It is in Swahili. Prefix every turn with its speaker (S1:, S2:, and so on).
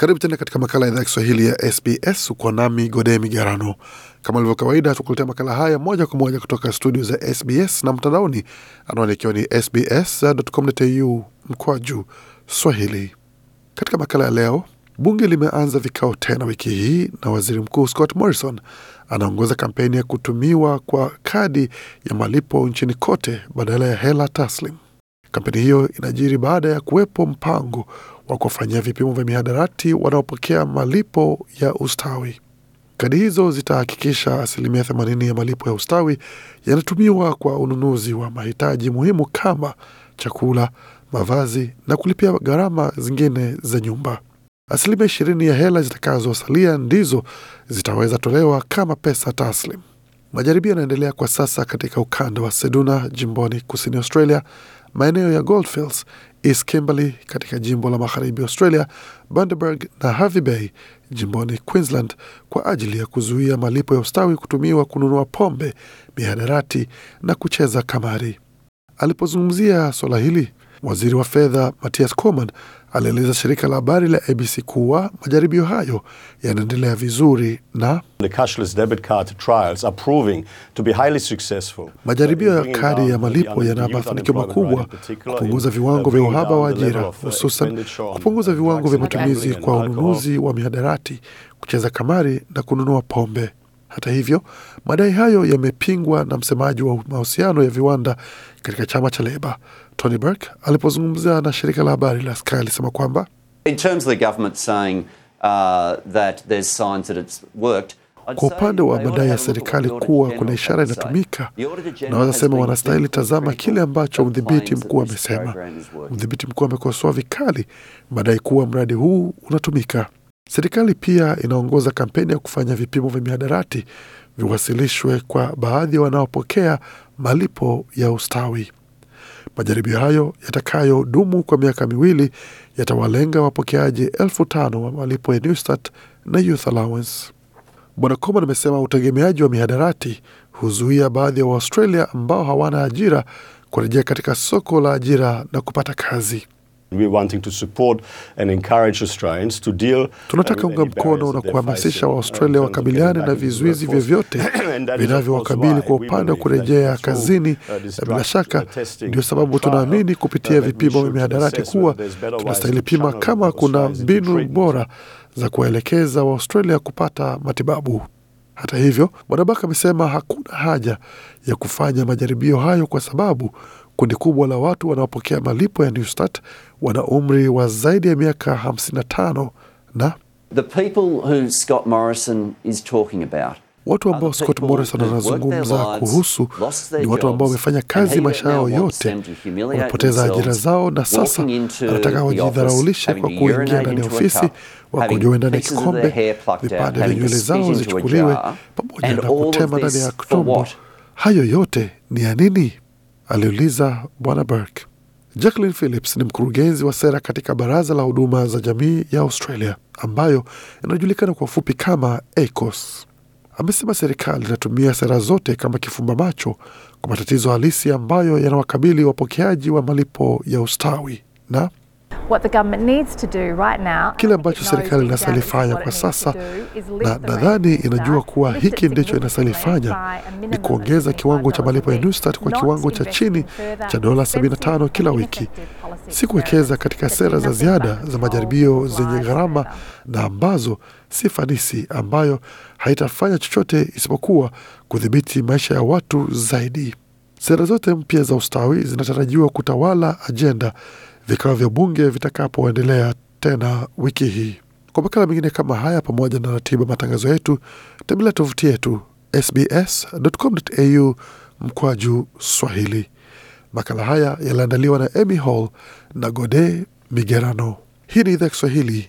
S1: Karibu tena katika makala ya idhaa ya Kiswahili ya SBS. Uko nami Gode Migerano. Kama ilivyo kawaida, tukuletea makala haya moja kwa moja kutoka studio za SBS na mtandaoni, anwani ikiwa ni sbs.com.au mkoa juu swahili. Katika makala ya leo, bunge limeanza vikao tena wiki hii na waziri mkuu Scott Morrison anaongoza kampeni ya kutumiwa kwa kadi ya malipo nchini kote badala ya hela taslim. Kampeni hiyo inajiri baada ya kuwepo mpango wa kuwafanyia vipimo vya mihadarati wanaopokea malipo ya ustawi. Kadi hizo zitahakikisha asilimia 80 ya malipo ya ustawi yanatumiwa kwa ununuzi wa mahitaji muhimu kama chakula, mavazi na kulipia gharama zingine za nyumba. Asilimia ishirini ya hela zitakazosalia ndizo zitaweza tolewa kama pesa taslim. Majaribio yanaendelea kwa sasa katika ukanda wa Seduna jimboni kusini Australia, maeneo ya Goldfields, East Kimberley katika jimbo la magharibi Australia, Bundaberg na Hervey Bay jimboni Queensland kwa ajili ya kuzuia malipo ya ustawi kutumiwa kununua pombe, mihadarati na kucheza kamari. Alipozungumzia suala hili, Waziri wa fedha matthias coman alieleza shirika la habari la ABC kuwa majaribio hayo yanaendelea vizuri na
S2: majaribio ya kadi ya malipo yana mafanikio makubwa kupunguza viwango vya uhaba wa ajira, hususan kupunguza viwango vya matumizi kwa ununuzi wa
S1: mihadarati, kucheza kamari na kununua pombe. Hata hivyo, madai hayo yamepingwa na msemaji wa mahusiano ya viwanda katika chama cha Leba, Tony Burke, alipozungumza na shirika la habari la Sky alisema kwamba uh, kwa upande wa madai ya serikali kuwa kuna ishara inatumika, naweza sema wanastahili tazama kile ambacho mdhibiti mkuu amesema. Mdhibiti mkuu amekosoa vikali madai kuwa mradi huu unatumika. Serikali pia inaongoza kampeni ya kufanya vipimo vya mihadarati viwasilishwe kwa baadhi ya wanaopokea malipo ya ustawi. Majaribio hayo yatakayodumu kwa miaka miwili yatawalenga wapokeaji elfu tano wa malipo ya Newstart na Youth Allowance. Bwana Coman amesema utegemeaji wa mihadarati huzuia baadhi ya wa Waaustralia ambao hawana ajira kurejea katika soko la ajira na kupata kazi.
S2: Tunataka um, unga mkono na kuhamasisha
S1: Waaustralia uh, wakabiliane na vizuizi vyovyote vinavyowakabili kwa upande wa kurejea uh, kazini, na eh, uh, bila shaka ndio sababu tunaamini kupitia vipimo vya mihadarati kuwa tunastahili pima kama kuna mbinu bora za kuwaelekeza Waaustralia kupata matibabu. Hata hivyo, Bwana Bak amesema hakuna haja ya kufanya majaribio hayo kwa sababu kundi kubwa la watu wanaopokea malipo ya Newstart wana umri wa zaidi ya miaka 55 na The people who Scott Morrison is talking about
S2: Watu ambao Scott Morrison anazungumza kuhusu ni watu ambao wamefanya kazi maisha yao yote, wamepoteza ajira zao, na sasa
S1: anataka wajidharaulishe kwa kuingia ndani ya ofisi, wakojoe ndani ya kikombe, vipande vya nywele zao zichukuliwe, pamoja na kutema ndani ya tumbo. Hayo yote ni ya nini? aliuliza Bwana Burke. Jacqueline Phillips ni mkurugenzi wa sera katika baraza la huduma za jamii ya Australia ambayo inajulikana kwa ufupi kama ACOS amesema serikali inatumia sera zote kama kifumba macho kwa matatizo halisi ambayo yanawakabili wapokeaji wa malipo ya ustawi na Kile ambacho serikali inasalifanya kwa sasa, na nadhani inajua kuwa hiki ndicho inasalifanya, ni kuongeza kiwango cha malipo ya Nustat kwa kiwango cha chini cha dola 75 kila wiki, si kuwekeza katika sera za ziada za majaribio zenye gharama na ambazo si fanisi, ambayo haitafanya chochote isipokuwa kudhibiti maisha ya watu zaidi. Sera zote mpya za ustawi zinatarajiwa kutawala ajenda vikao vya bunge vitakapoendelea tena wiki hii. Kwa makala mengine kama haya, pamoja na ratiba matangazo yetu, tembelea tovuti yetu sbs.com.au mkwaju Swahili. Makala haya yaliandaliwa na Emy Hall na Gode Migerano. Hii ni idhaa Kiswahili